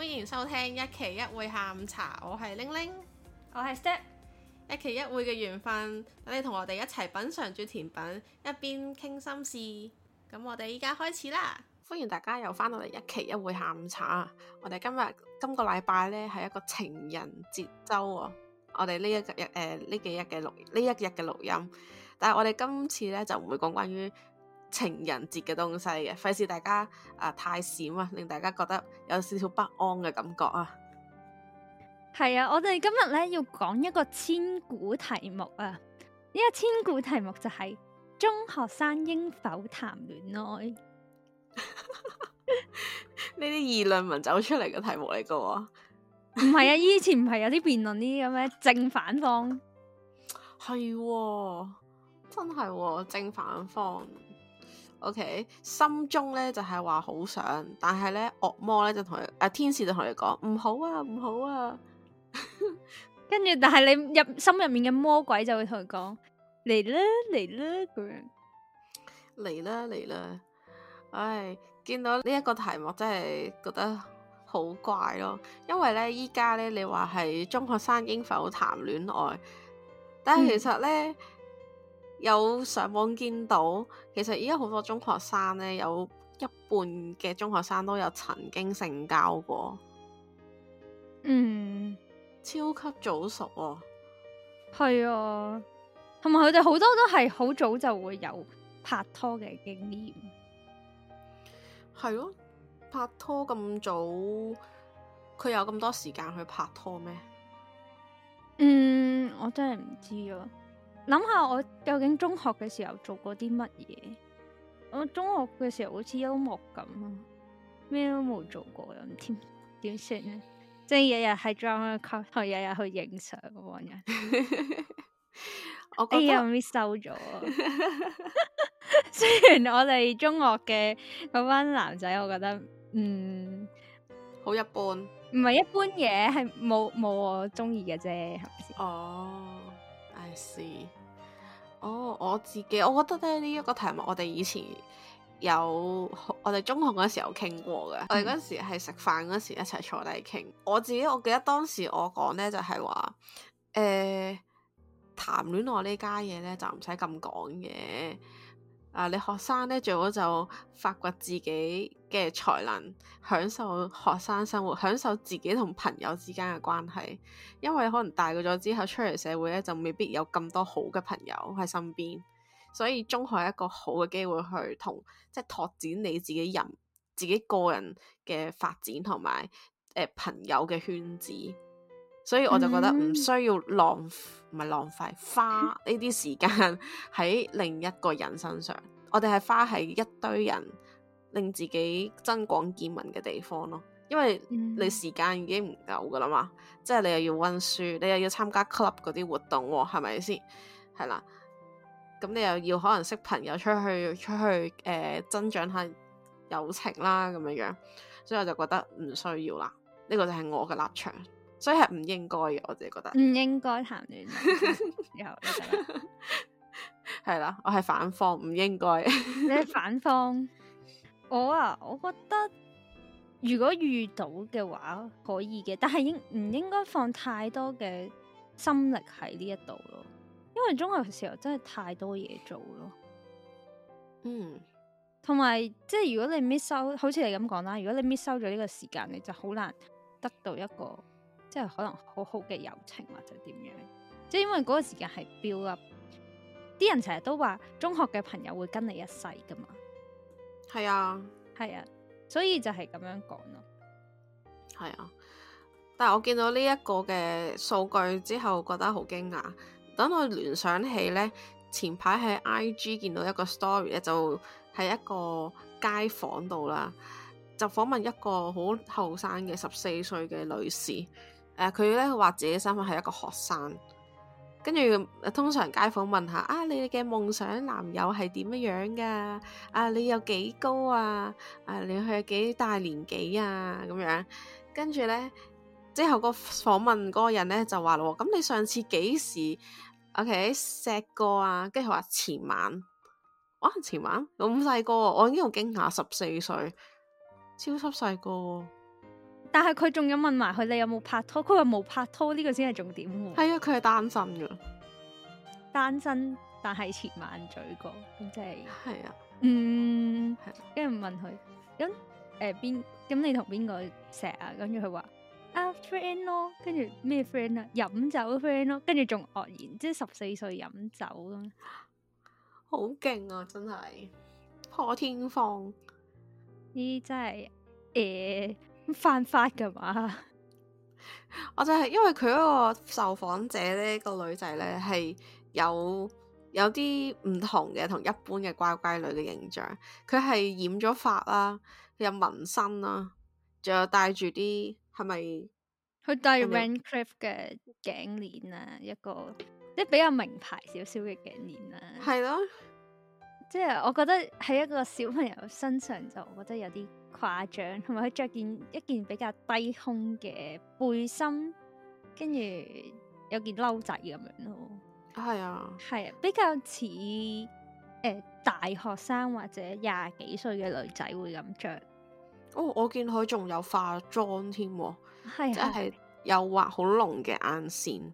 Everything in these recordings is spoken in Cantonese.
歡迎收聽一期一會下午茶，我係玲玲，我係 Step，一期一會嘅緣分，等你同我哋一齊品嘗住甜品，一邊傾心事。咁我哋依家開始啦，歡迎大家又翻到嚟一期一會下午茶。我哋今日今個禮拜呢，係一個情人節周，我哋呢一，、呃、一日誒呢幾日嘅錄呢一日嘅錄音，但係我哋今次呢，就唔會講關於情人節嘅東西嘅，費事大家啊、呃、太閃啊，令大家覺得有少少不安嘅感覺啊。係啊，我哋今日咧要講一個千古題目啊。呢、這個千古題目就係中學生應否談戀愛。呢啲 議論文走出嚟嘅題目嚟噶、啊？唔 係啊，以前唔係有啲辯論啲咁咩？正反方？係、 啊，真係、啊、正反方。O、okay, K，心中咧就係話好想，但係咧惡魔咧就同佢，誒、啊、天使就同佢講唔好啊唔好啊，好啊 跟住但係你入心入面嘅魔鬼就會同佢講嚟啦嚟啦咁樣嚟啦嚟啦，唉、哎、見到呢一個題目真係覺得好怪咯，因為咧依家咧你話係中學生應否談戀愛，但係其實咧。嗯有上網見到，其實而家好多中學生咧，有一半嘅中學生都有曾經性交過。嗯，超級早熟啊。係啊，同埋佢哋好多都係好早就會有拍拖嘅經驗。係咯，嗯，拍拖咁早，佢有咁多時間去拍拖咩？嗯，我真係唔知啊。諗下我究竟中學嘅時候做過啲乜嘢？我中學嘅時候好似幽默咁啊，咩都冇做過咁添，點算呢？ 即係日日係 drama club 日日去影相，萬人。 我覺得哎呀，咪收咗。 雖然我哋中學嘅嗰班男仔，我覺得，嗯，好一般，唔係一般嘢，係冇冇我中意嘅啫，係咪先？哦。Oh. 是，哦，oh, 我自己，我覺得咧呢一、這個題目，我哋以前有，我哋中學嗰時候有傾過嘅， 我哋嗰時係食飯嗰時一齊坐低傾，我自己我記得當時我講呢就係話，誒，談戀愛呢家嘢，呢就唔使咁講嘅。呃啊！你學生咧最好就發掘自己嘅才能，享受學生生活，享受自己同朋友之間嘅關係。因為可能大個咗之後出嚟社會咧，就未必有咁多好嘅朋友喺身邊，所以中學係一個好嘅機會去同即係拓展你自己人、自己個人嘅發展同埋、呃、朋友嘅圈子。所以我就覺得唔需要浪唔係浪費花呢啲時間喺另一個人身上，我哋係花喺一堆人令自己增廣見聞嘅地方咯，因為你時間已經唔夠噶啦嘛，即係你又要温書，你又要參加 club 嗰啲活動喎，係咪先？係啦，咁你又要可能識朋友出去出去誒、呃、增長下友情啦咁樣樣，所以我就覺得唔需要啦，呢、這個就係我嘅立場。所以係唔應該嘅，我自己覺得唔應該談戀愛。有係 啦，我係反方，唔應該。 你係反方，我啊，我覺得如果遇到嘅話可以嘅，但係應唔應該放太多嘅心力喺呢一度咯？因為中學嘅時候真係太多嘢做咯。嗯，同埋即係如果你 miss 收，好似你咁講啦。如果你 miss 收咗呢個時間，你就好難得到一個。即係可能好好嘅友情或者點樣，即係因為嗰個時間係 build up 啦，啲人成日都話中學嘅朋友會跟你一世噶嘛，係啊係啊，所以就係咁樣講咯，係啊。但係我見到呢一個嘅數據之後，覺得好驚訝，等我聯想起呢，前排喺 I G 見到一個 story 咧，就喺一個街訪度啦，就訪問一個好後生嘅十四歲嘅女士。誒佢咧話自己身份係一個學生，跟住通常街訪問下啊，你嘅夢想男友係點樣樣噶？啊，你有幾高啊？啊，你係幾大年紀啊？咁樣跟住咧，之後個訪問嗰個人咧就話咯，咁、啊、你上次幾時，O K 錫過啊？跟住佢話前晚，哇前晚咁細個，我已經好驚訝，十四歲超級細個。.但係佢仲有問埋佢，你有冇拍拖？佢話冇拍拖呢個先係重點喎。係啊，佢係單身噶，單身但係前晚嘴過咁即係。係、呃、啊，嗯，跟住問佢咁誒邊咁你同邊個錫啊？跟住佢話啊 friend 咯，跟住咩 friend 啊？飲酒 friend 咯，跟住仲愕然，即係十四歲飲酒咁，好勁啊！真係破天荒呢，真係誒。呃翻髮噶嘛？我就係因為佢嗰個受訪者咧，個女仔咧係有有啲唔同嘅，同一般嘅乖乖女嘅形象。佢係染咗髮啦，佢有紋身啦，仲有戴住啲係咪？佢戴 Van Cleef 嘅頸鏈啊，一個即係比較名牌少少嘅頸鏈啊。係咯，啊，即係我覺得喺一個小朋友身上就我覺得有啲。誇張，同埋佢着件一件比較低胸嘅背心，跟住有件褸仔咁樣咯。係啊，係啊，比較似誒、呃、大學生或者廿幾歲嘅女仔會咁着。哦，我見佢仲有化妝添，係即係又畫好濃嘅眼線。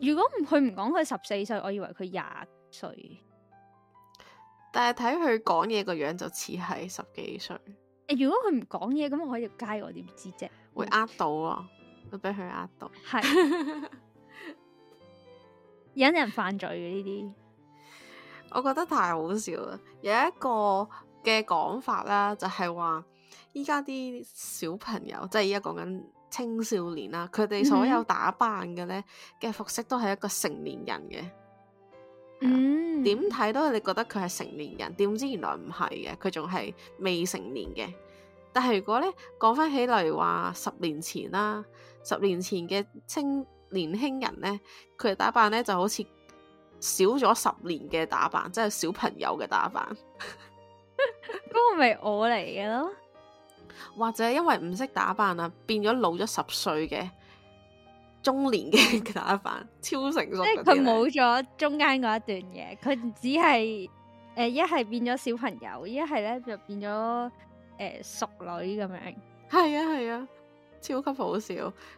如果唔佢唔講佢十四歲，我以為佢廿歲。但係睇佢講嘢個樣就似係十幾歲。誒，如果佢唔講嘢，咁我喺條街我點知啫？哦？會呃到啊，會俾佢呃到，係引人犯罪嘅呢啲。我覺得太好笑啦！有一個嘅講法啦，就係話依家啲小朋友，即係依家講緊青少年啦，佢哋所有打扮嘅咧嘅服飾都係一個成年人嘅。嗯點睇、嗯、都你覺得佢係成年人，點知原來唔係嘅，佢仲係未成年嘅。但係如果咧講翻起嚟話、啊，十年前啦，十年前嘅青年輕人咧，佢嘅打扮咧就好似少咗十年嘅打扮，即係小朋友嘅打扮。嗰個咪我嚟嘅咯，或者因為唔識打扮啊，變咗老咗十歲嘅。中年嘅打扮，超成熟。即係佢冇咗中間嗰一段嘢，佢只係誒一係變咗小朋友，一係咧就變咗誒、呃、熟女咁樣。係啊係啊，超級好笑。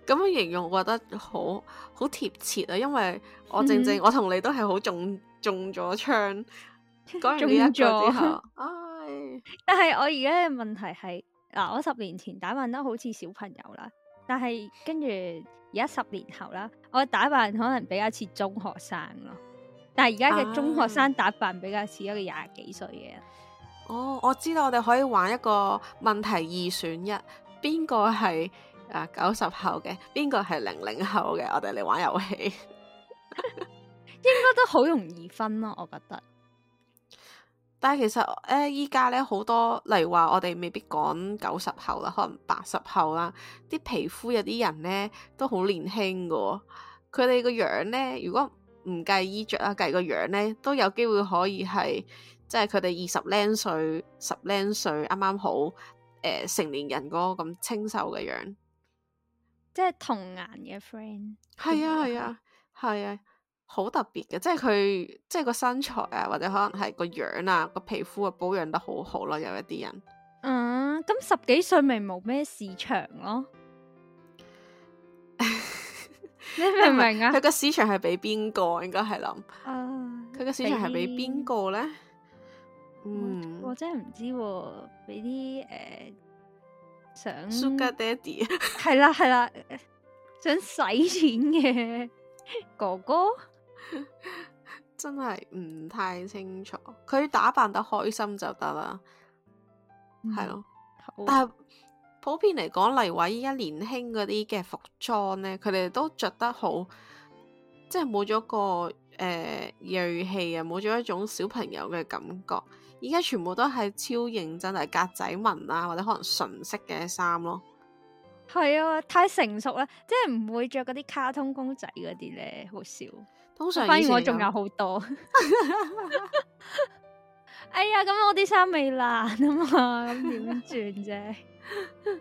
咁樣形容，我覺得好好貼切啊！因為我正正、嗯、我同你都係好中中咗槍。講完呢之後，唉，但係我而家嘅問題係，嗱、啊，我十年前打扮得好似小朋友啦。但係跟住而家十年後啦，我打扮可能比較似中學生咯。但係而家嘅中學生打扮比較似一個廿幾歲嘅、啊。哦，我知道我哋可以玩一個問題二選一，邊個係啊九十後嘅，邊個係零零後嘅？我哋嚟玩遊戲， 應該都好容易分咯，我覺得。但係其實，誒、呃，依家咧好多，例如話我哋未必講九十後啦，可能八十後啦，啲皮膚有啲人咧都好年輕嘅，佢哋個樣咧，如果唔計衣着啦，計個樣咧，都有機會可以係，即係佢哋二十零歲、十零歲啱啱好，誒、呃，成年人嗰個咁清秀嘅樣，即係童顏嘅 friend，係啊，係啊，係啊。好特別嘅，即係佢，即係個身材啊，或者可能係個樣啊，個皮膚啊保養得好好咯。有一啲人，嗯，咁十幾歲咪冇咩市場咯， 你明唔明啊？佢個市場係俾邊個？應該係諗，啊，佢個市場係俾邊個咧？嗯，我真係唔知，俾啲誒想 Sugar Daddy，係啦係啦，想使錢嘅哥，哥哥。 真係唔太清楚，佢打扮得開心就得啦，係、嗯、咯。啊、但係普遍嚟講，例如依家年輕嗰啲嘅服裝呢，佢哋都着得好，即係冇咗個誒銳氣啊，冇、呃、咗一種小朋友嘅感覺。依家全部都係超認真，係格仔紋啊，或者可能純色嘅衫咯。係啊，太成熟啦，即係唔會着嗰啲卡通公仔嗰啲呢，好少。反而我仲有好多， 哎呀，咁我啲衫未爛啊嘛，咁點轉啫？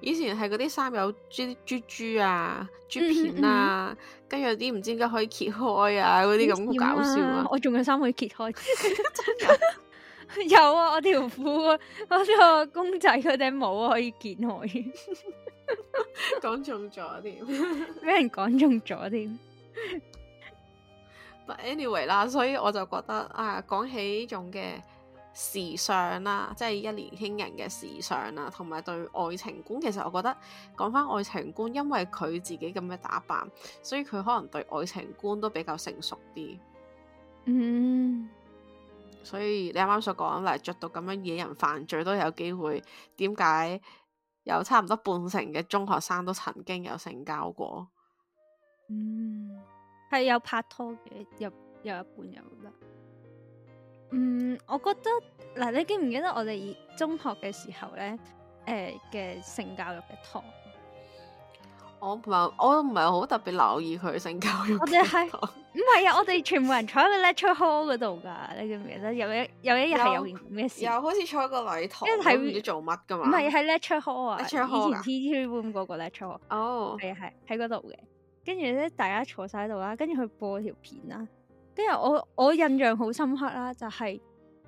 以前係嗰啲衫有珠珠珠啊，珠片啦、啊，跟住、嗯嗯、有啲唔知點解可以揭開啊，嗰啲咁好搞笑啊！我仲有衫可以揭開， 有啊，我條褲啊，我個公仔嗰頂帽可以揭開，講 中咗添，俾 人講中咗添。 Anyway 啦，所以我就覺得啊，講起呢種嘅時尚啦，即係一年輕人嘅時尚啦，同埋對愛情觀，其實我覺得講翻愛情觀，因為佢自己咁嘅打扮，所以佢可能對愛情觀都比較成熟啲。嗯。Mm. 所以你啱啱所講，嚟着到咁樣惹人犯罪都有機會。點解？有差唔多半成嘅中學生都曾經有性交過？嗯。Mm. 係有拍拖嘅，有有一半有啦。嗯，我覺得嗱，你記唔記得我哋中學嘅時候咧？誒嘅性教育嘅堂，我唔係，我唔係好特別留意佢性教育。我哋係唔係啊？我哋全部人坐喺個 lecture hall 嗰度噶，你記唔記得？有一有一日係有咩事，又好似坐喺個禮堂，唔知做乜噶嘛？唔係，係 lecture hall 啊，以前 TTV w 嗰個 lecture hall。哦，係啊，係喺嗰度嘅。跟住咧，大家坐晒喺度啦。跟住佢播條片啦。跟住我，我印象好深刻啦，就係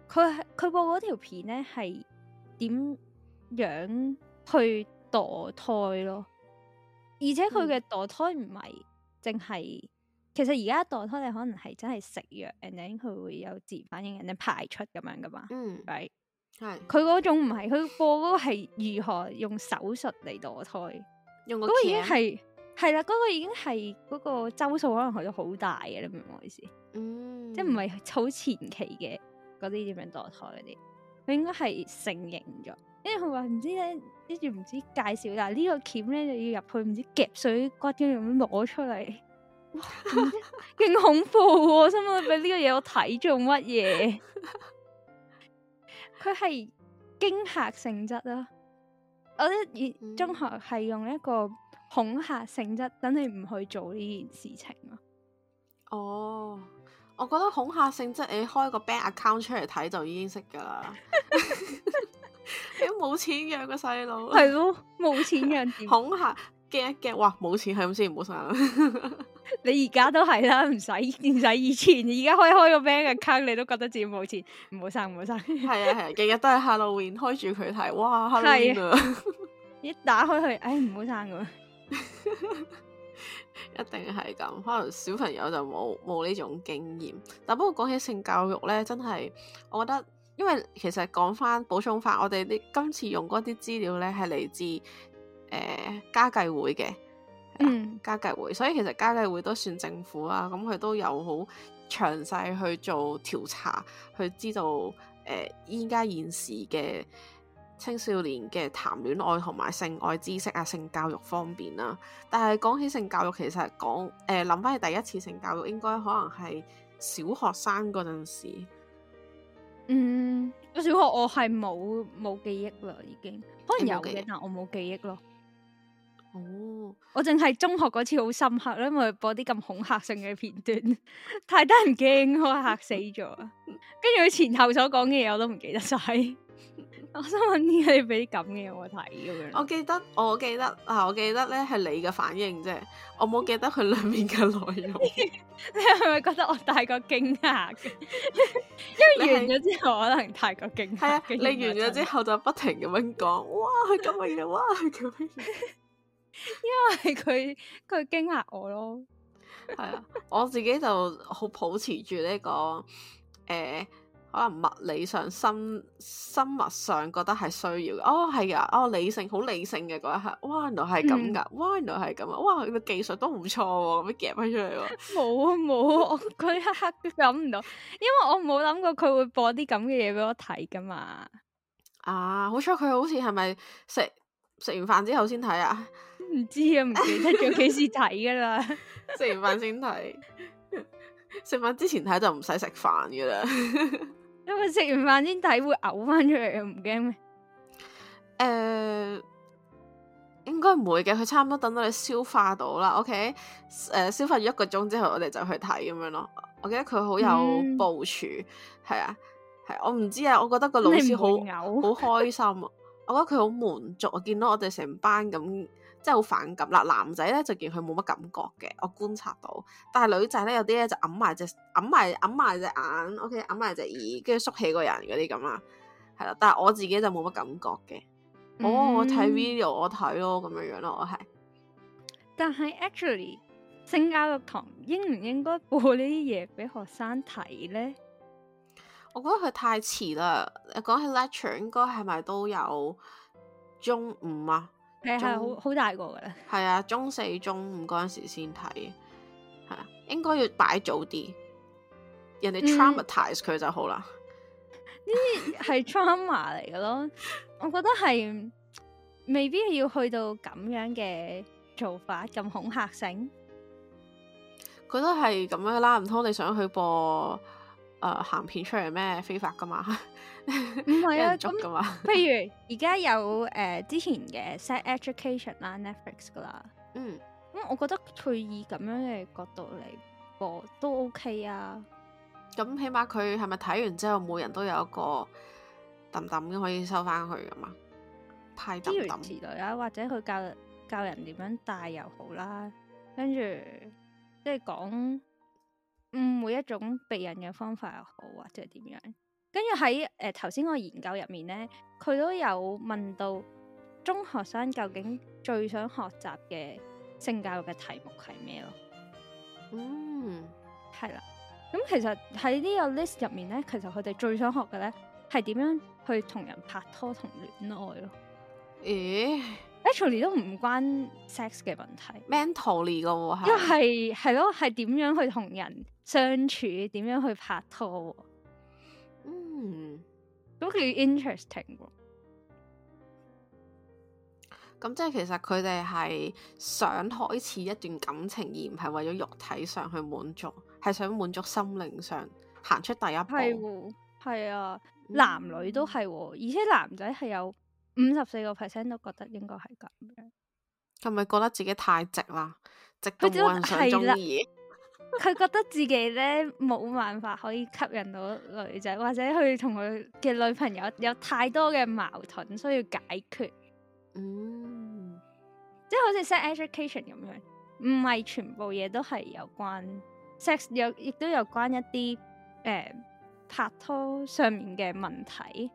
佢佢播嗰條片咧，係點樣去墮胎咯？而且佢嘅墮胎唔係淨係，其實而家墮胎你可能係真係食藥，人哋佢會有自然反應，人哋排出咁樣噶嘛？嗯，係係 Right? 是。佢嗰種唔係，佢播嗰個係如何用手術嚟墮胎？用個鉗。嗰個已經係。係啦，嗰、那個已經係嗰個周數可能去到好大嘅，你明唔明我意思？嗯，即係唔係好前期嘅嗰啲點樣墮胎嗰啲，佢應該係成形咗。因為佢話唔知咧，跟住唔知,知介紹，但、這、係、個、呢個鉗咧就要入去唔知夾水骨跟住咁樣攞出嚟，哇，勁 恐怖啊！ 我心諗俾呢個嘢我睇做乜嘢？佢係驚吓性質啊！我覺得中學係用一個。恐嚇性質，等你唔去做呢件事情咯。哦，oh, 我覺得恐嚇性質，你開個 bank account 出嚟睇就已經識噶啦。你都冇錢養個細路，係咯，冇錢養恐嚇，驚一驚，哇，冇錢係咁先，唔好生啦。你而家都係啦，唔使唔使以前，而家可以開個 bank account，你都覺得自己冇錢，唔好生，唔好生。係啊係啊，日、啊、日都係 Halloween 開住佢睇，哇 Halloween 啊，一打開去，唉唔好生咁。 一定係咁，可能小朋友就冇冇呢種經驗。但不過講起性教育咧，真係我覺得，因為其實講翻補充法，我哋今次用嗰啲資料咧係嚟自誒家計會嘅，啊、家計會，所以其實家計會都算政府啦、啊，咁、嗯、佢都有好詳細去做調查，去知道誒依家現時嘅。青少年嘅談戀愛同埋性愛知識啊，性教育方面啦。但係講起性教育，其實講誒，諗、呃、翻起第一次性教育，應該可能係小學生嗰陣時。嗯，我小學我係冇冇記憶啦，已經可能有嘅，但我冇記憶咯。哦，我淨係中學嗰次好深刻，因為播啲咁恐嚇性嘅片段，太得人驚，我吓死咗。 跟住佢前後所講嘅嘢，我都唔記得晒。 我想問呢，你俾啲咁嘅嘢我睇咁樣我。我記得，我記得，嗱，我記得咧係你嘅反應啫，我冇記得佢裏面嘅內容。 你係咪覺得我太過驚訝？ 因為完咗之後是我可能太過驚嚇。啊、驚嚇，你完咗之後就不停咁 樣講，哇，咁樣嘢，哇，咁樣嘢。因為佢佢驚嚇我咯。係 啊，我自己就好保持住呢個誒。呃可能物理上、生生物上覺得係需要嘅，哦係啊，哦理性好理性嘅嗰一刻，哇原來係咁噶，哇原來係咁啊，哇佢嘅技術都唔錯喎，咁樣夾翻出嚟喎。冇啊冇啊，我嗰一刻都諗唔到，因為我冇諗過佢會播啲咁嘅嘢俾我睇噶嘛。啊，好彩佢好似係咪食食完飯之後先睇啊？唔知啊，唔記得咗幾時睇嘅啦。食 完飯先睇，食飯 之前睇就唔使食飯嘅啦。 因為食完飯先睇會嘔翻出嚟，唔驚咩？誒、呃，應該唔會嘅，佢差唔多等到你消化到啦。OK，誒、呃，消化咗一個鐘之後，我哋就去睇咁樣咯。我記得佢好有部署，係、嗯、啊，係、啊、我唔知啊。我覺得個老師好好開心啊，我覺得佢好滿足啊，見到我哋成班咁。真係好反感啦！男仔咧就見佢冇乜感覺嘅，我觀察到。但係女仔咧有啲咧就揞埋隻揞埋揞埋隻眼，OK，揞埋隻耳，跟住縮起個人嗰啲咁啊，係啦。但係我自己就冇乜感覺嘅、嗯哦。我睇 video，我睇咯咁樣樣咯，樣我係。但係 actually，性教育堂應唔應該播呢啲嘢俾學生睇咧？我覺得佢太遲啦。講起 lecture，應該係咪都有中午啊？係係好好大個噶啦，係啊，中四中五嗰陣時先睇，係啊，應該要擺早啲，人哋 traumatize 佢、嗯、就好啦。呢啲係 trauma 嚟嘅咯。 我覺得係未必要去到咁樣嘅做法咁恐嚇性。佢都係咁樣啦，唔通你想佢播誒、呃、鹹片出嚟咩？非法噶嘛？ 唔係啊，咁 譬如而家有誒、呃、之前嘅 Sex Education 啦 Netflix 噶啦，嗯，咁我覺得佢以咁樣嘅角度嚟播都 OK 啊。咁、嗯、起碼佢係咪睇完之後，每人都有一個氹氹咁可以收翻去噶嘛？派氹氹啦，或者佢教教人點樣戴又好啦、啊，跟住即係講嗯每一種避孕嘅方法又好，或者點樣。跟住喺誒頭先個研究入面咧，佢都有問到中學生究竟最想學習嘅性教育嘅題目係咩咯？嗯，係啦。咁其實喺呢個 list 入面咧，其實佢哋最想學嘅咧係點樣去同人拍拖同戀愛咯。咦誒？Actually 都唔關 sex 嘅問題，mentally 㗎喎，即係係咯，係 點樣去同人相處？點樣去拍拖？嗯，咁佢 interesting 喎。咁、嗯、即係其實佢哋係想開始一段感情，而唔係為咗肉體上去滿足，係想滿足心靈上行出第一步。係啊，男女都係，而且男仔係有五十四個 percent 都覺得應該係咁樣。係咪覺得自己太直啦？直到冇人想中意。佢 覺得自己咧冇辦法可以吸引到女仔，或者佢同佢嘅女朋友有太多嘅矛盾需要解決。嗯，即係好似 sex education 咁樣，唔係全部嘢都係有關 sex，有亦都有關一啲誒、呃、拍拖上面嘅問題，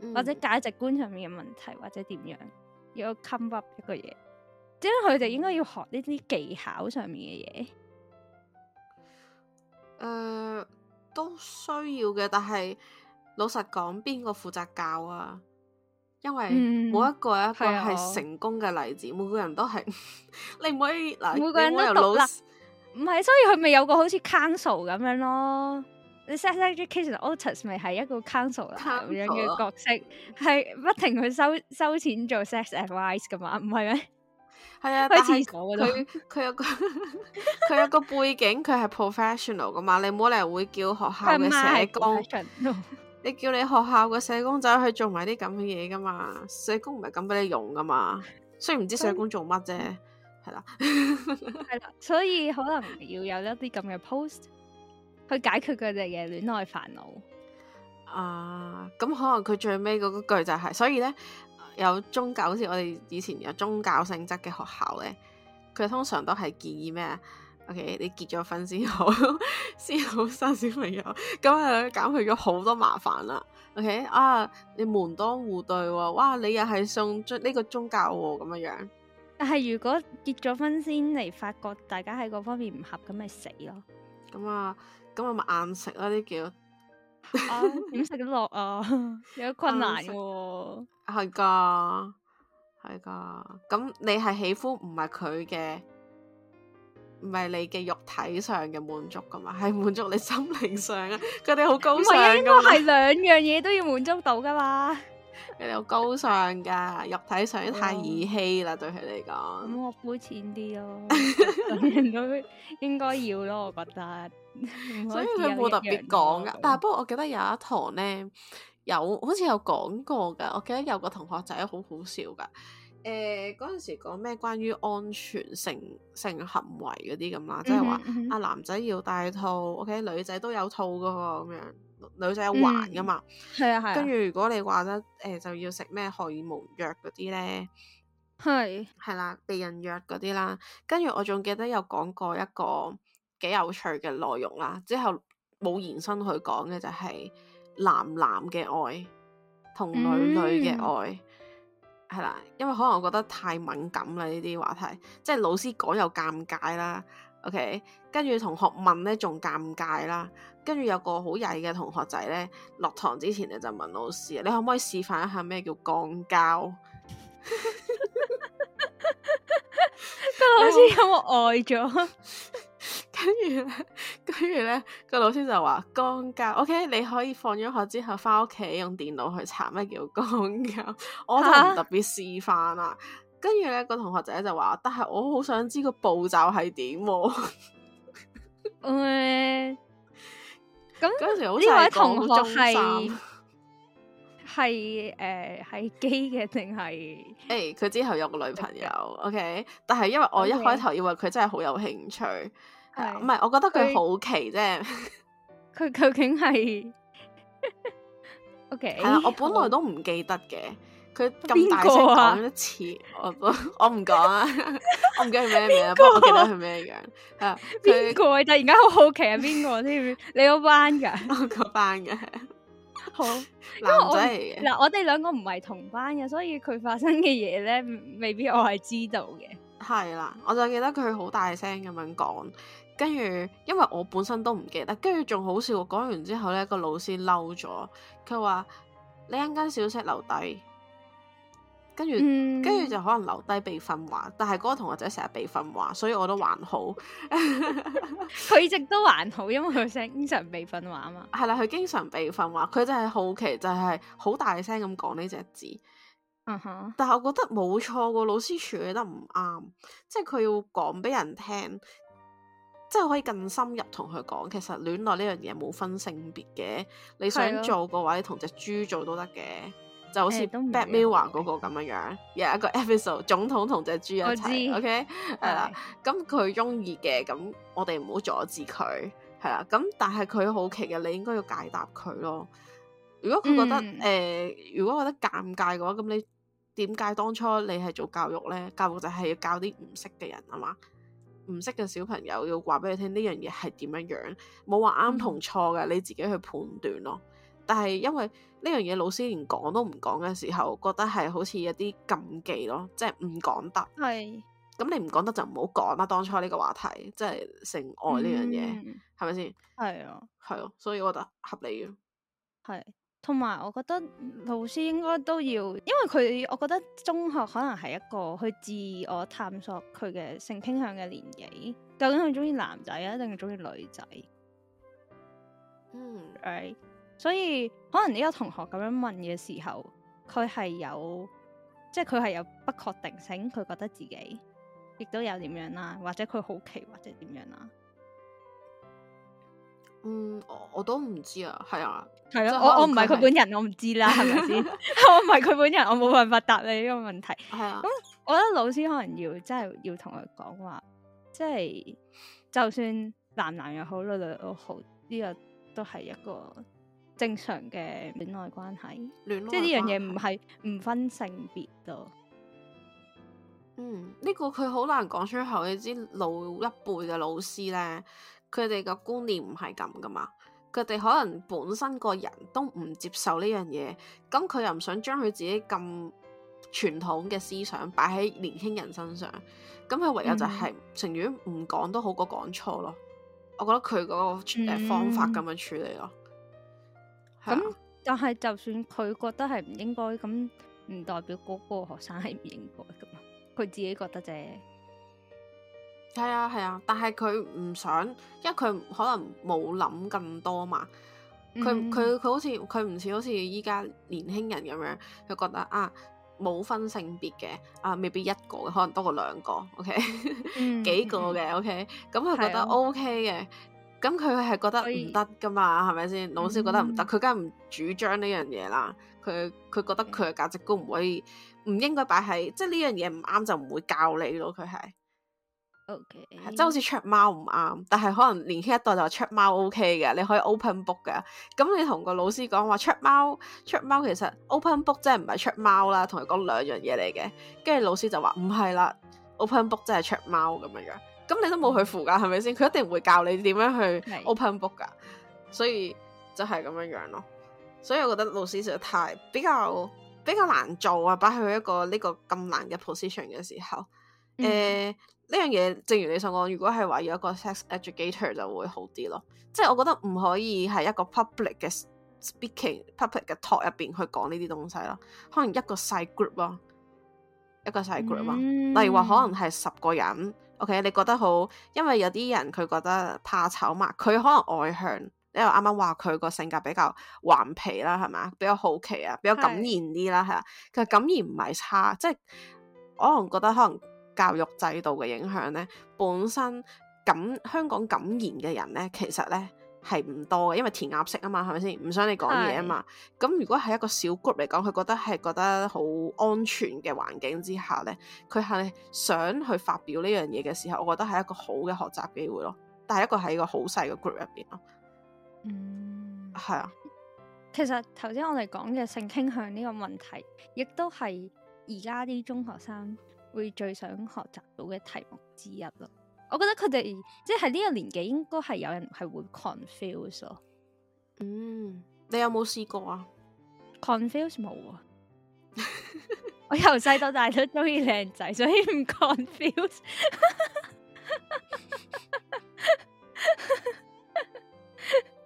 嗯、或者價值觀上面嘅問題，或者點樣要 come up 一個嘢。即係佢哋應該要學呢啲技巧上面嘅嘢。誒、呃，都需要嘅，但係老實講，邊個負責教啊？因為、嗯、每一個一個係成功嘅例子，每個人都係，你唔可以嗱，每個人都讀啦，唔係，所以佢咪有個好似 counsel 咁樣咯。你 sex education officer 咪係一個 counsel 啦，咁樣嘅角色，係不停去收收錢做 sex advice 噶嘛，唔係咩？係啊，佢佢有個佢 有個背景，佢係 professional 噶嘛， 你冇理由會叫學校嘅社工，是是你叫你學校嘅社工走去做埋啲咁嘅嘢噶嘛？社工唔係咁俾你用噶嘛，雖然唔知社工做乜啫，係啦，係啦，所以可能要有一啲咁嘅 post 去解決佢哋嘅戀愛煩惱啊。咁可能佢最尾嗰句就係、是，所以咧。有宗教，好似我哋以前有宗教性質嘅學校咧，佢通常都係建議咩啊？OK，你結咗婚先好， 先好生小朋友，咁啊減去咗好多麻煩啦。OK 啊，你門當戶對喎，哇！你又係送呢個宗教喎、哦，咁樣樣。但係如果結咗婚先嚟發覺大家喺嗰方面唔合，咁咪死咯。咁啊、嗯，咁啊咪硬食啦啲叫。點食得落啊？ 有困難嘅，係噶，係 噶楽。咁你係喜歡唔係佢嘅，唔係你嘅肉體上嘅滿足噶嘛？係滿足你心靈上啊？佢哋好高尚，唔係 應該係兩樣嘢都要滿足到噶嘛？佢哋好高尚噶，肉體上太兒戲啦，Oh. 對佢嚟講。咁我膚淺啲咯， 人都應該要咯，我覺得。以 所以佢冇特別講噶， 但係不過我記得有一堂咧有好似有講過噶，我記得有個同學仔好好笑噶，誒嗰陣時講咩關於安全性性行為嗰啲咁啦，即係話阿男仔要戴套，OK，女仔都有套噶喎，咁樣。女仔有還噶嘛係、嗯、啊係。啊跟住，如果你話得誒就要食咩荷爾蒙藥嗰啲咧，係係是啦避孕藥嗰啲啦。跟住，我仲記得有講過一個幾有趣嘅內容啦，之後冇延伸去講嘅就係男男嘅愛同女女嘅愛係、嗯，、啦，因為可能我覺得太敏感啦呢啲話題，即係老師講又尷尬啦，OK？跟住，同學問咧仲尷尬啦。跟住有個好曳嘅同學仔咧，落堂之前咧就問老師：你可唔可以示範一下咩叫肛交？個老師有冇呆咗？跟住，跟住咧個老師就話：肛交 OK，你可以放咗學之後返屋企用電腦去查咩叫肛交。我就唔特別示範啦。跟住咧個同學仔就話：但係我好想知個步驟係點、 嗯。誒。咁時好似有位同學係係誒係基嘅定係誒佢之後有個女朋友的，OK，但係因為我一開頭以為佢真係好有興趣，唔係，我覺得佢好奇啫，佢究竟係 OK，啊，我本來都唔記得嘅。佢咁大聲講一次，我都我唔講啊。我唔 記得佢咩名，不過、啊、我記得佢咩樣啊。佢 他突然間好好奇係、啊、邊個添？你嗰班嘅，我嗰班嘅好男仔嚟嘅嗱，我哋兩個唔係同班嘅，所以佢發生嘅嘢咧，未必我係知道嘅。係啦，我就記得佢好大聲咁樣講，跟住因為我本身都唔記得，跟住仲好笑。講完之後咧，個老師嬲咗，佢話你一間小息留低。跟住，跟住、嗯、就可能留低被訓話。但係嗰個同學仔成日被訓話，所以我都還好。佢 一直都還好，因為佢經常被訓話嘛。係啦，佢經常被訓話，佢就係好奇，就係、是、好大聲咁講呢隻字。嗯、哼但係我覺得冇錯喎，老師處理得唔啱，即係佢要講俾人聽，即、就、係、是、可以更深入同佢講。其實戀愛呢樣嘢冇分性別嘅，你想做嘅話，的你同隻豬做都得嘅。就好似 Batman 畫嗰個咁樣樣，又 Yeah, 一個 episode，總統同隻豬一齊，OK 係啦的。咁佢中意嘅，咁我哋唔好阻止佢，係啦。咁但係佢好奇嘅，你應該要解答佢咯。如果佢覺得誒、嗯呃，如果覺得尷尬嘅話，咁你點解當初你係做教育咧？教育就係要教啲唔識嘅人啊嘛，唔識嘅小朋友要話俾佢聽呢樣嘢係點樣樣，冇話啱同錯嘅，嗯、你自己去判斷咯。但係因為呢樣嘢老師連講都唔講嘅時候，覺得係好似有啲禁忌咯，即係唔講得。係。咁是你唔講得就唔好講啦。當初呢個話題，即係性愛呢樣嘢，係咪先？係吧啊，係咯，啊，所以我覺得合理嘅。係同埋，我覺得老師應該都要，因為佢，我覺得中學可能係一個去自我探索佢嘅性傾向嘅年紀，究竟佢中意男仔啊，定係中意女仔？嗯，係。Right. 所以可能呢個同學咁樣問嘅時候，佢係有，即係佢係有不確定性，佢覺得自己亦都有點樣啦，或者佢好奇，或者點樣啦。嗯，我,我都唔知啊，係啊，係啊可，我我唔係佢本人，我唔知啦，係咪先？ 我唔係佢本人，我冇辦法答你呢個問題。係啊，咁我覺得老師可能要真係要同佢講話，即係就算男男又好，女女又好，呢個都係一個。正常嘅戀愛關係，關係即係呢樣嘢唔係唔分性別咯。嗯，呢、這個佢好難講出口。啲老一輩嘅老師咧，佢哋嘅觀念唔係咁噶嘛。佢哋可能本身個人都唔接受呢樣嘢，咁佢又唔想將佢自己咁傳統嘅思想擺喺年輕人身上，咁佢唯有就係、是嗯、情願唔講都好過講錯咯。我覺得佢嗰、那個、呃嗯、方法咁樣處理咯。咁，但係就算佢覺得係唔應該，咁唔代表嗰個學生係唔應該噶嘛？佢自己覺得啫。係啊，係啊，但係佢唔想，因為佢可能冇諗咁多嘛。佢佢佢好似佢唔似好似依家年輕人咁樣，佢覺得啊，冇分性別嘅啊，未必一個可能多過兩個，OK、 嗯、幾個嘅 OK，咁佢覺得、啊、OK 嘅。咁佢係覺得唔得噶嘛，係咪先？老師覺得唔得，佢梗係唔主張呢樣嘢啦。佢佢覺得佢嘅價值觀唔可以，唔應該擺喺即係呢樣嘢唔啱就唔會教你咯。佢係，OK，即係好似出貓唔啱，但係可能年輕一代就話出貓 OK 嘅，你可以 open book 嘅。咁你同個老師講話出貓出貓其實 open book 真係唔係出貓啦，同佢講兩樣嘢嚟嘅。跟住老師就話唔係啦，open book 真係出貓咁樣樣。咁你都冇去扶噶，係咪先？佢一定會教你點樣去 open book 噶，的所以就係咁樣樣咯。所以我覺得老師實在太比較比較難做啊，擺喺一個呢個咁難嘅 position 嘅時候。誒、嗯，呢、呃、樣嘢正如你想講，如果係話有一個 sex educator 就會好啲咯。即係我覺得唔可以係一個 public 嘅 speaking、嗯、speaking, public 嘅 speaking、public 嘅 talk 入邊去講呢啲東西咯。可能一個細 group 咯、啊，一個細 group 咯、啊，嗯、例如話可能係十個人。OK，你覺得好，因為有啲人佢覺得怕醜嘛。佢可能外向，你又啱啱話佢個性格比較頑皮啦，係嘛？比較好奇啊，比較敢言啲啦，係啊是，其實敢言唔係差，即係我可能覺得可能教育制度嘅影響咧，本身敢香港敢言嘅人咧，其實咧，係唔多嘅，因為填鴨式啊嘛，係咪先？唔想你講嘢啊嘛。咁係。如果係一個小 group 嚟講，佢覺得係覺得好安全嘅環境之下咧，佢係想去發表呢樣嘢嘅時候，我覺得係一個好嘅學習機會咯。但係一個喺個好細嘅 group 入邊咯。嗯，係啊。其實頭先我哋講嘅性傾向呢個問題，亦都係而家啲中學生會最想學習到嘅題目之一咯。我覺得佢哋即係呢個年紀，應該係有人係會 confuse 咯。嗯，你有冇試過啊？confuse？冇啊！我由細到大都中意靚仔，所以唔 confuse。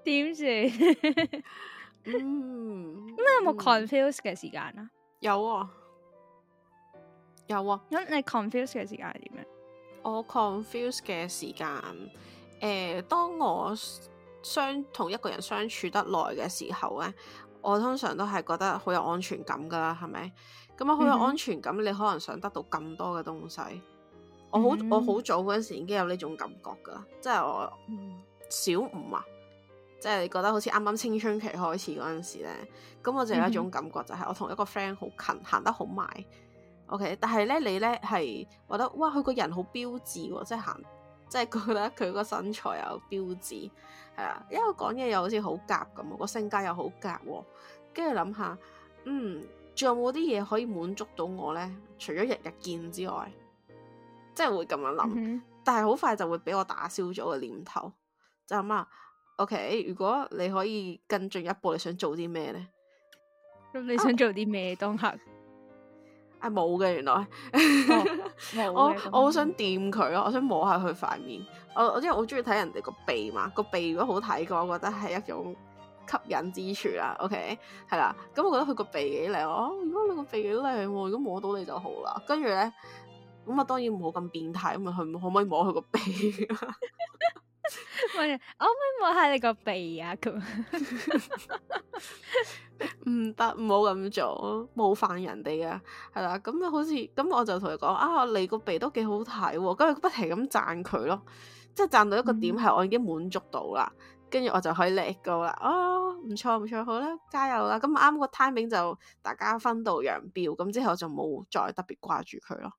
點算？嗯，你有冇 confuse 嘅時間啊？有啊，有啊。咁你 confuse 嘅時間係點樣？我 confuse 嘅時間，誒、呃，當我相同一個人相處得耐嘅時候咧，我通常都係覺得好有安全感噶啦，係咪？咁樣好有安全感，mm hmm. 你可能想得到咁多嘅東西。我好，mm hmm. 我好早嗰陣時已經有呢種感覺噶啦，即係我、mm hmm. 小五啊，即係你覺得好似啱啱青春期開始嗰陣時咧，咁我就有一種感覺就係我同一個 friend 好近，行得好埋。O.K. 但係咧，你咧係覺得哇，佢個人好標致，哦，即係行，即係覺得佢個身材又標致，係啊。因為講嘢又好似好夾咁，個性格又好夾，跟住諗下，嗯，仲有冇啲嘢可以滿足到我咧？除咗日日見之外，即係會咁樣諗。嗯、哼但係好快就會俾我打消咗個念頭。就咁啊，O.K. 如果你可以跟進一步，你想做啲咩咧？咁你想做啲咩當刻？Oh, 誒，冇嘅、啊、原來，我、嗯、我好想掂佢咯，嗯、我想摸下佢塊面。我我因為我中意睇人哋個鼻嘛，個鼻如果好睇嘅，我覺得係一種吸引之處啦。OK，係啦，咁、嗯、我覺得佢個鼻幾靚，哦、啊，如果你個鼻幾靚，如果摸到你就好啦。跟住咧，咁、嗯、啊當然唔好咁變態，咁啊佢可唔可可以摸佢個鼻？ 我可唔可以摸下你個鼻啊？咁唔得，唔好咁做，冒犯人哋啊！係啦，咁又好似咁，我就同佢講啊，你個鼻都幾好睇，咁佢不停咁讚佢咯，即係讚到一個點係我已經滿足到啦，跟住、嗯、我就可以 lift 高啦。啊，唔錯唔錯，好啦，加油啦！咁啱個 t i m i n g 就，剛剛就大家分道揚鑣，咁之後就冇再特別掛住佢咯。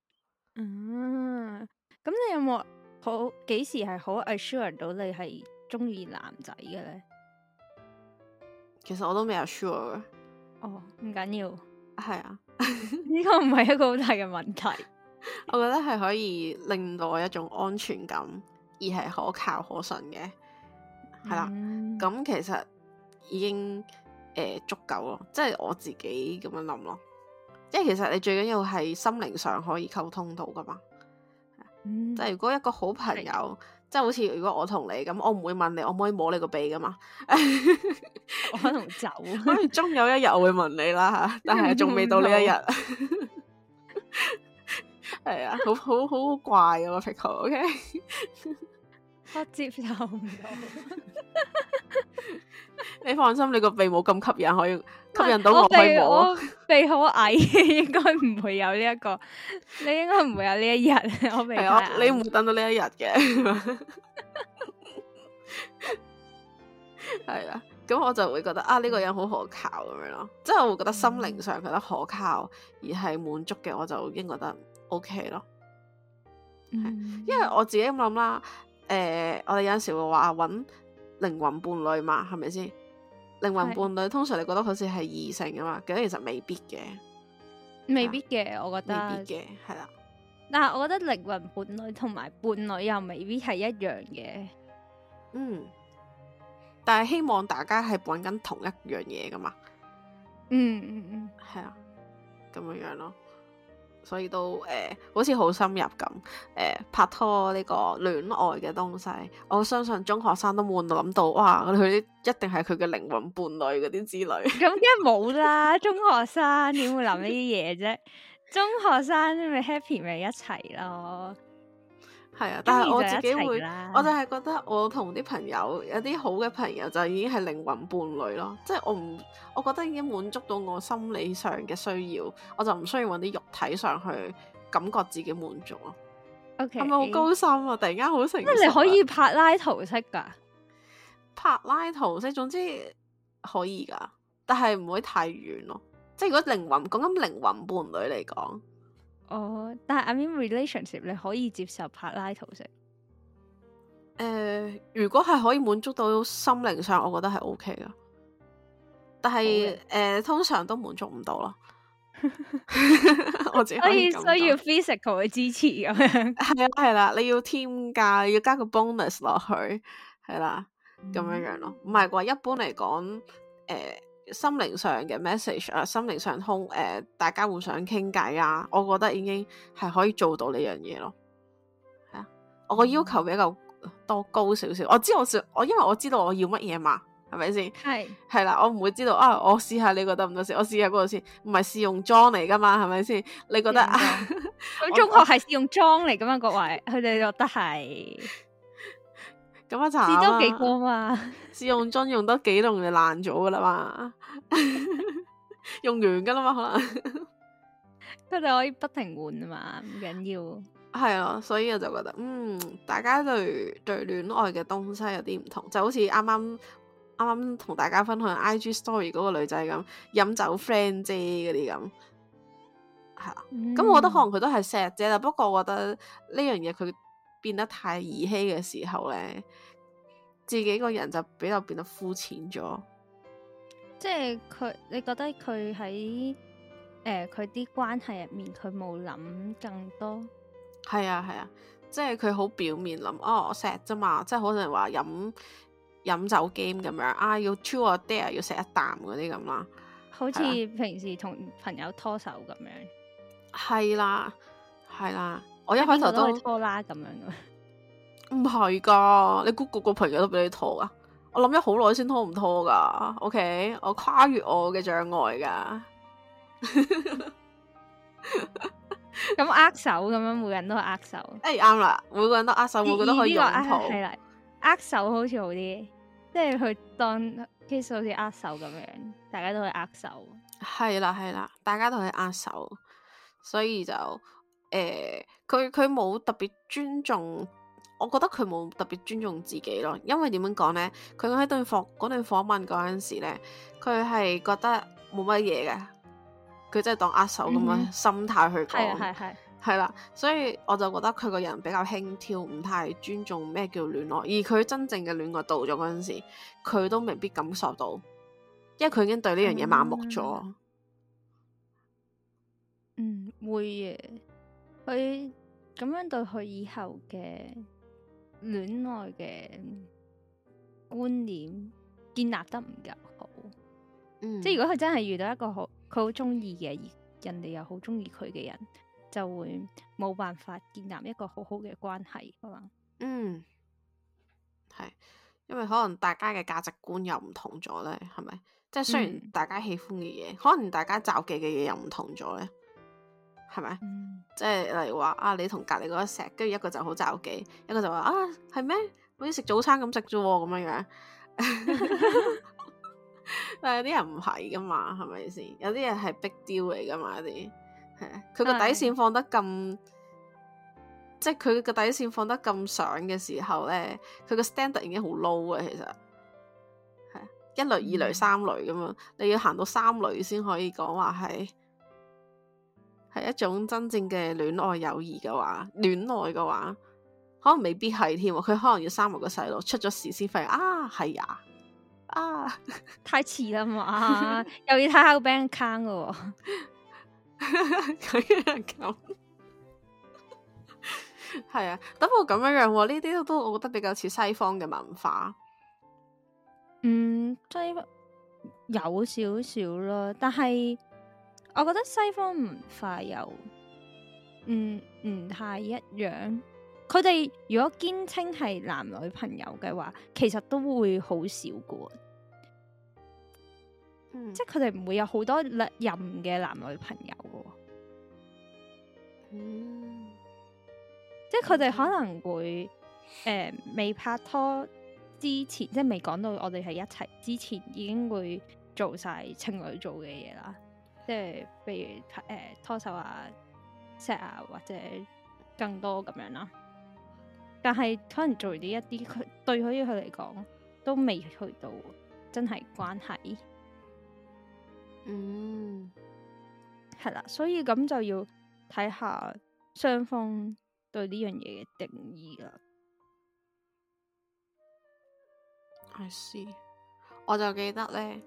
嗯、啊，咁你有冇？好幾時係好 assure 到你係中意男仔嘅咧？其實我都未 assure。哦，唔緊要，係啊，呢 個唔係一個好大嘅問題。 我覺得係可以令到我一種安全感，而係可靠、可信嘅，係啦、嗯。咁、啊、其實已經、呃、足夠咯，即、就、係、是、我自己咁樣諗咯。即係其實你最緊要係心靈上可以溝通到噶嘛。即係如果一個好朋友，即係好似如果我同你咁，我唔會問你，我唔可以摸你個鼻噶嘛？我可能走，可能終有一日我會問你啦，但係仲未到呢一日。係啊，好好好怪啊，picoo，O K，我接受唔到。你放心，你個鼻冇咁吸引，可以吸引到我規。我鼻好矮嘅，應該唔會有呢、這、一個。 你應該唔會有呢一日，我未。係你唔會等到呢一日嘅。係 啊， 咁我就會覺得啊，呢、這個人好可靠咁樣咯。即、就、係、是、我會覺得心靈上覺得可靠，mm hmm. 而係滿足嘅，我就應該覺得 OK 咯。因為我自己咁諗啦，誒、呃，我哋有陣時會話搵靈魂伴侶嘛，係咪先？靈魂伴侶對通常你覺得好似係異性啊嘛，其實未必嘅，未必嘅，吧我覺得未必嘅係啦。但係我覺得靈魂伴侶同埋伴侶又未必係一樣嘅，嗯，但係希望大家係揾緊同一樣嘢㗎嘛。嗯嗯嗯，係啊，咁樣樣咯。所以都誒、呃，好似好深入咁誒、呃，拍拖呢個戀愛嘅東西，我相信中學生都冇諗到，哇！佢啲一定係佢嘅靈魂伴侶嗰啲之類。咁梗係冇啦， 中學生點會諗呢啲嘢啫？ 中學生咪 happy 咪一齊咯～係啊，但係我自己會，我就係覺得我同啲朋友有啲好嘅朋友就已經係靈魂伴侶咯，即係我唔，我覺得已經滿足到我心理上嘅需要，我就唔需要揾啲肉體上去感覺自己滿足咯。O K，係咪好高深啊？突然間好成，即係你可以柏拉圖式噶，柏拉圖式，總之可以噶，但係唔會太遠咯。即係如果靈魂講緊靈魂伴侶嚟講。哦，oh, 但係 I mean relationship 你可以接受柏拉圖式？誒、呃，如果係可以滿足到心靈上，我覺得係 O K 噶。但係誒的、呃，通常都滿足唔到啦。 我只可以可 以，以需要 physical 嘅支持咁樣。係 啊係啦、啊啊，你要添加，要加個 bonus 落去，係啦咁樣樣咯。唔係啩？一般嚟講，誒、呃。心靈上嘅 message 啊，心靈上通，誒，大家互相傾偈啊，我覺得已經係可以做到呢樣嘢咯，係啊，我個要求比較多高少少，我知我想，我因為我知道我要乜嘢嘛，係咪先？係係是啦，我唔會知道啊，我試下你覺得唔得先，我試下嗰個先，唔係試用裝嚟噶嘛，係咪先？你覺得啊？咁 中學係試用裝嚟噶嘛？各位，佢哋 覺得係。咁啊，樣就差幾個嘛？試用樽用得幾耐就爛咗噶啦嘛， 用完噶啦嘛，可能佢哋可以不停換啊嘛，唔緊要，要。係啊，所以我就覺得，嗯，大家對對戀愛嘅東西有啲唔同，就好似啱啱啱啱同大家分享 I G Story 嗰個女仔咁，飲酒 friend 姐嗰啲咁，係啦。咁、嗯、我覺得可能佢都係錫啫，啦，不過我覺得呢樣嘢佢。變得太兒戲嘅時候咧，自己個人就比較變得膚淺咗。即係佢，你覺得佢喺，誒佢啲關係入面，佢冇諗更多。係啊係啊，即係佢好表面諗哦 s e 啫嘛，即係可能話飲飲酒 game 咁樣啊，要 two a d 要食一啖嗰啲咁啦。好似像、啊、平時同朋友拖手咁樣。係啦、啊，係啦、啊。我一開頭都，都拖拉咁樣嘅，唔係噶，你估個個朋友都俾你拖噶？我諗咗好耐先拖唔拖噶？OK，我跨越我嘅障礙噶。咁 握手咁樣，每手，哎，每人都握手。哎，啱啦，每個人都握手，我覺得可以擁抱。係啦，握手好似好啲，即係佢當 kiss 好似握手咁樣，大家都係握手。係啦係啦，大家都係握手， 所以就。誒，佢佢冇特別尊重，我覺得佢冇特別尊重自己咯。因為點樣講呢？佢喺對訪嗰段訪問嗰陣時呢，佢係覺得冇乜嘢嘅，佢真係當握手咁樣、嗯、心態去講係係啦，所以我就覺得佢個人比較輕佻，唔太尊重咩叫戀愛。而佢真正嘅戀愛到咗嗰陣時，佢都未必感受到，因為佢已經對呢樣嘢麻木咗。嗯，會嘅。佢咁樣對佢以後嘅戀愛嘅觀念建立得唔夠好，嗯，即係如果佢真係遇到一個好佢好中意嘅、人哋又好中意佢嘅人，就會冇辦法建立一個好好嘅關係啊。嗯，係，因為可能大家嘅價值觀又唔同咗咧，係咪？即係雖然大家喜歡嘅嘢，嗯，可能大家找嘅嘅嘢又唔同咗咧。係咪？嗯、即係例如話啊，你同隔籬嗰一石，跟住一個就好詐友，一個就話啊，係咩？好似食早餐咁食啫，咁樣樣。 但係啲人唔係噶嘛，係咪先？有啲人係 big deal 嚟噶嘛，有啲係啊。佢個底線放得咁，的即係佢個底線放得咁上嘅時候咧，佢個 standard 已經好 low 啊，其實係一類、二類、三類咁樣，嗯、你要行到三類先可以講話係。係一種真正嘅戀愛友誼嘅話，戀愛嘅話，可能未必係添。佢可能要生埋個細路，出咗事先發現啊，係啊，啊，太遲啦嘛， 又要睇下個 bank account 嘅喎。係 就這 啊，不我咁樣樣、啊、喎，呢啲都我覺得比較似西方嘅文化。嗯，即係有少少咯，但係。我覺得西方文化又唔唔太一樣。佢哋如果堅稱係男女朋友嘅話，其實都會好少嘅。嗯、即係佢哋唔會有好多任嘅男女朋友嘅。嗯、即係佢哋可能會誒未、呃、拍拖之前，即係未講到我哋係一齊之前，已經會做晒情侶做嘅嘢啦。即係譬如誒、呃、拖手啊、錫啊或者更多咁樣啦。但係可能做呢一啲佢對於佢嚟講都未去到，真係關係。嗯，係啦，所以咁就要睇下雙方對呢樣嘢嘅定義啦。I see，我就記得咧，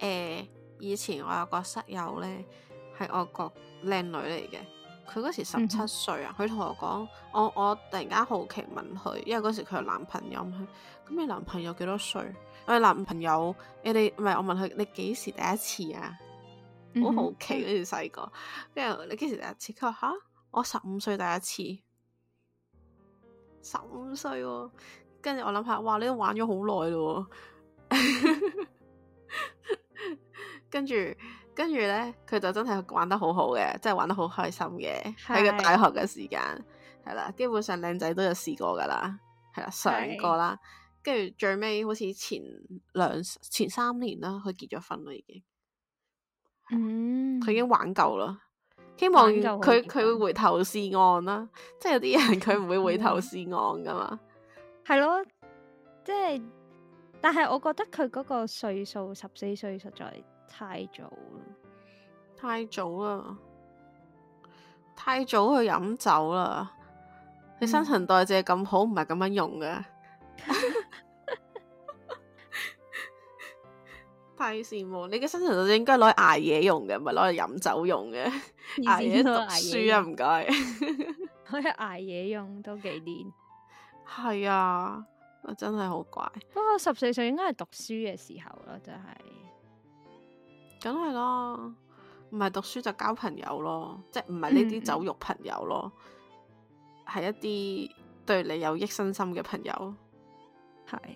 誒、欸。以前我有個室友咧，係外國靚女嚟嘅，佢嗰時十七歲啊。佢同、嗯、哼我講，我我突然間好奇問佢，因為嗰時佢有男朋友。咁你男朋友幾多歲？我、哎、男朋友，你哋唔係我問佢你幾時第一次啊？嗯、哼好好奇跟住細個，跟住你幾時第一次？佢話吓，我十五歲第一次，十五歲、啊。跟住我諗下，哇！你都玩咗好耐咯～ 跟住，跟住咧，佢就真係玩得好好嘅，即係玩得好開心嘅。喺個是大學嘅時間，係啦，基本上靚仔都有試過噶啦，係啦，上過啦。跟住是最尾好似前兩前三年啦，佢結咗婚啦，已經了了。嗯，佢已經玩夠啦。嗯、希望佢佢會回頭是岸啦。嗯、即係有啲人佢唔會回頭是岸噶嘛。係咯，即係，但係我覺得佢嗰個歲數十四歲實在。太早啦，太早啦，太早去飲酒啦！你新陳代謝咁好，唔係咁樣用噶，太羨慕你嘅新陳代謝應該攞嚟挨嘢用嘅，唔係攞嚟飲酒用嘅，挨 嘢 讀書啊，唔該，可以挨嘢用都幾年，係 啊，我真係好怪，不過十四歲應該係讀書嘅時候啦，真係。梗係咯，唔係讀書就交朋友咯，即係唔係呢啲酒肉朋友咯，係、嗯、一啲對你有益身心嘅朋友，係係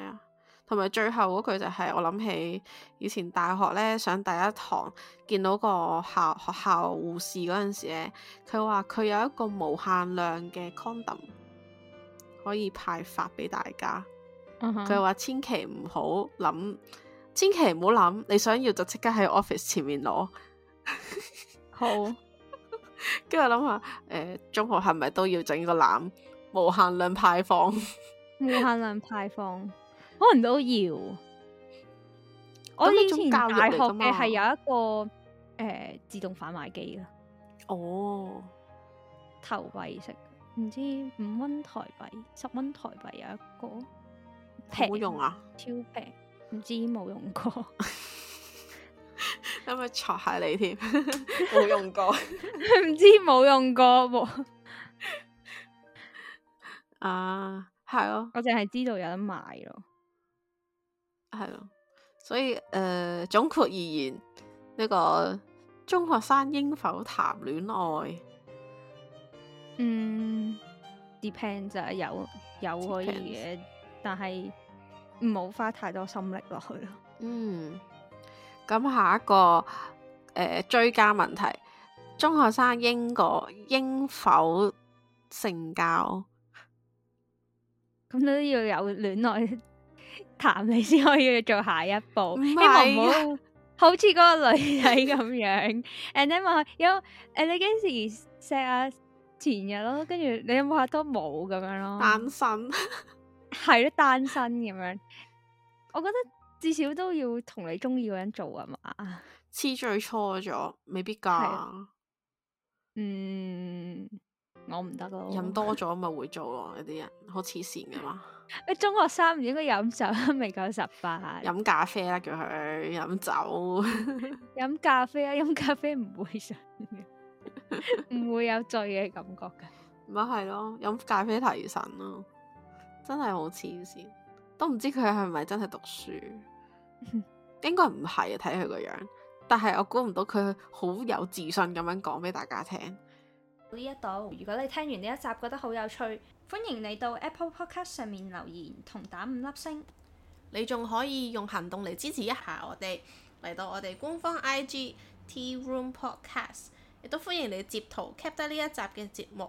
是啊，同埋最後嗰句就係、是、我諗起以前大學咧上第一堂見到個校學校護士嗰陣時咧，佢話佢有一個無限量嘅 condom 可以派發俾大家，佢話、嗯、哼千祈唔好諗。千祈唔好諗，你想要就即刻喺 office 前面攞。 好，跟住諗下，誒、呃，中學係咪都要整個籃無限量派放？無限量派放， 派 可能都要。我以前教大學嘅係有一個誒、呃、自動販賣機㗎。哦，投幣式，唔知五蚊台幣、十蚊台幣有一個，平，好用啊，超平。唔知冇用過，係咪戳下你添？冇用過，唔知冇用過喎。啊，係咯，我淨係知道有得買咯，係咯。所以誒、呃，總括而言，呢、這個中學生應否談戀愛？嗯，depends 啊，有有可以嘅，Depends. 但係。唔好花太多心力落去咯。嗯，咁下一個誒、呃、追加問題，中學生應個應否性交？咁都、嗯、要有戀愛談，你先可以去做下一步，啊、希望唔好好似嗰個女仔咁樣。 And then 問佢有誒，你幾時錫啊？前日咯，跟住你有冇話都冇咁樣咯，單身。係咯，單身咁樣，我覺得至少都要同你中意嘅人做啊嘛。痴醉錯咗，未必噶。嗯，我唔得咯。飲多咗咪會做咯，有啲人好痴線噶嘛。你中學生唔應該飲酒啊，未夠十八。飲咖啡啦，叫佢飲酒。飲咖啡啊，飲咖啡唔會想嘅，唔會有醉嘅感覺嘅。咪係咯，飲咖啡提神咯。真係好黐線，都唔知佢係咪真係讀書， 應該唔係啊，睇佢個樣。但係我估唔到佢好有自信咁樣講俾大家聽呢一度。如果你聽完呢一集覺得好有趣，歡迎你到 Apple Podcast 上面留言同打五粒星。你仲可以用行動嚟支持一下我哋，嚟到我哋官方 IG Tea Room Podcast，亦都歡迎你截圖 keep 得呢一集嘅節目。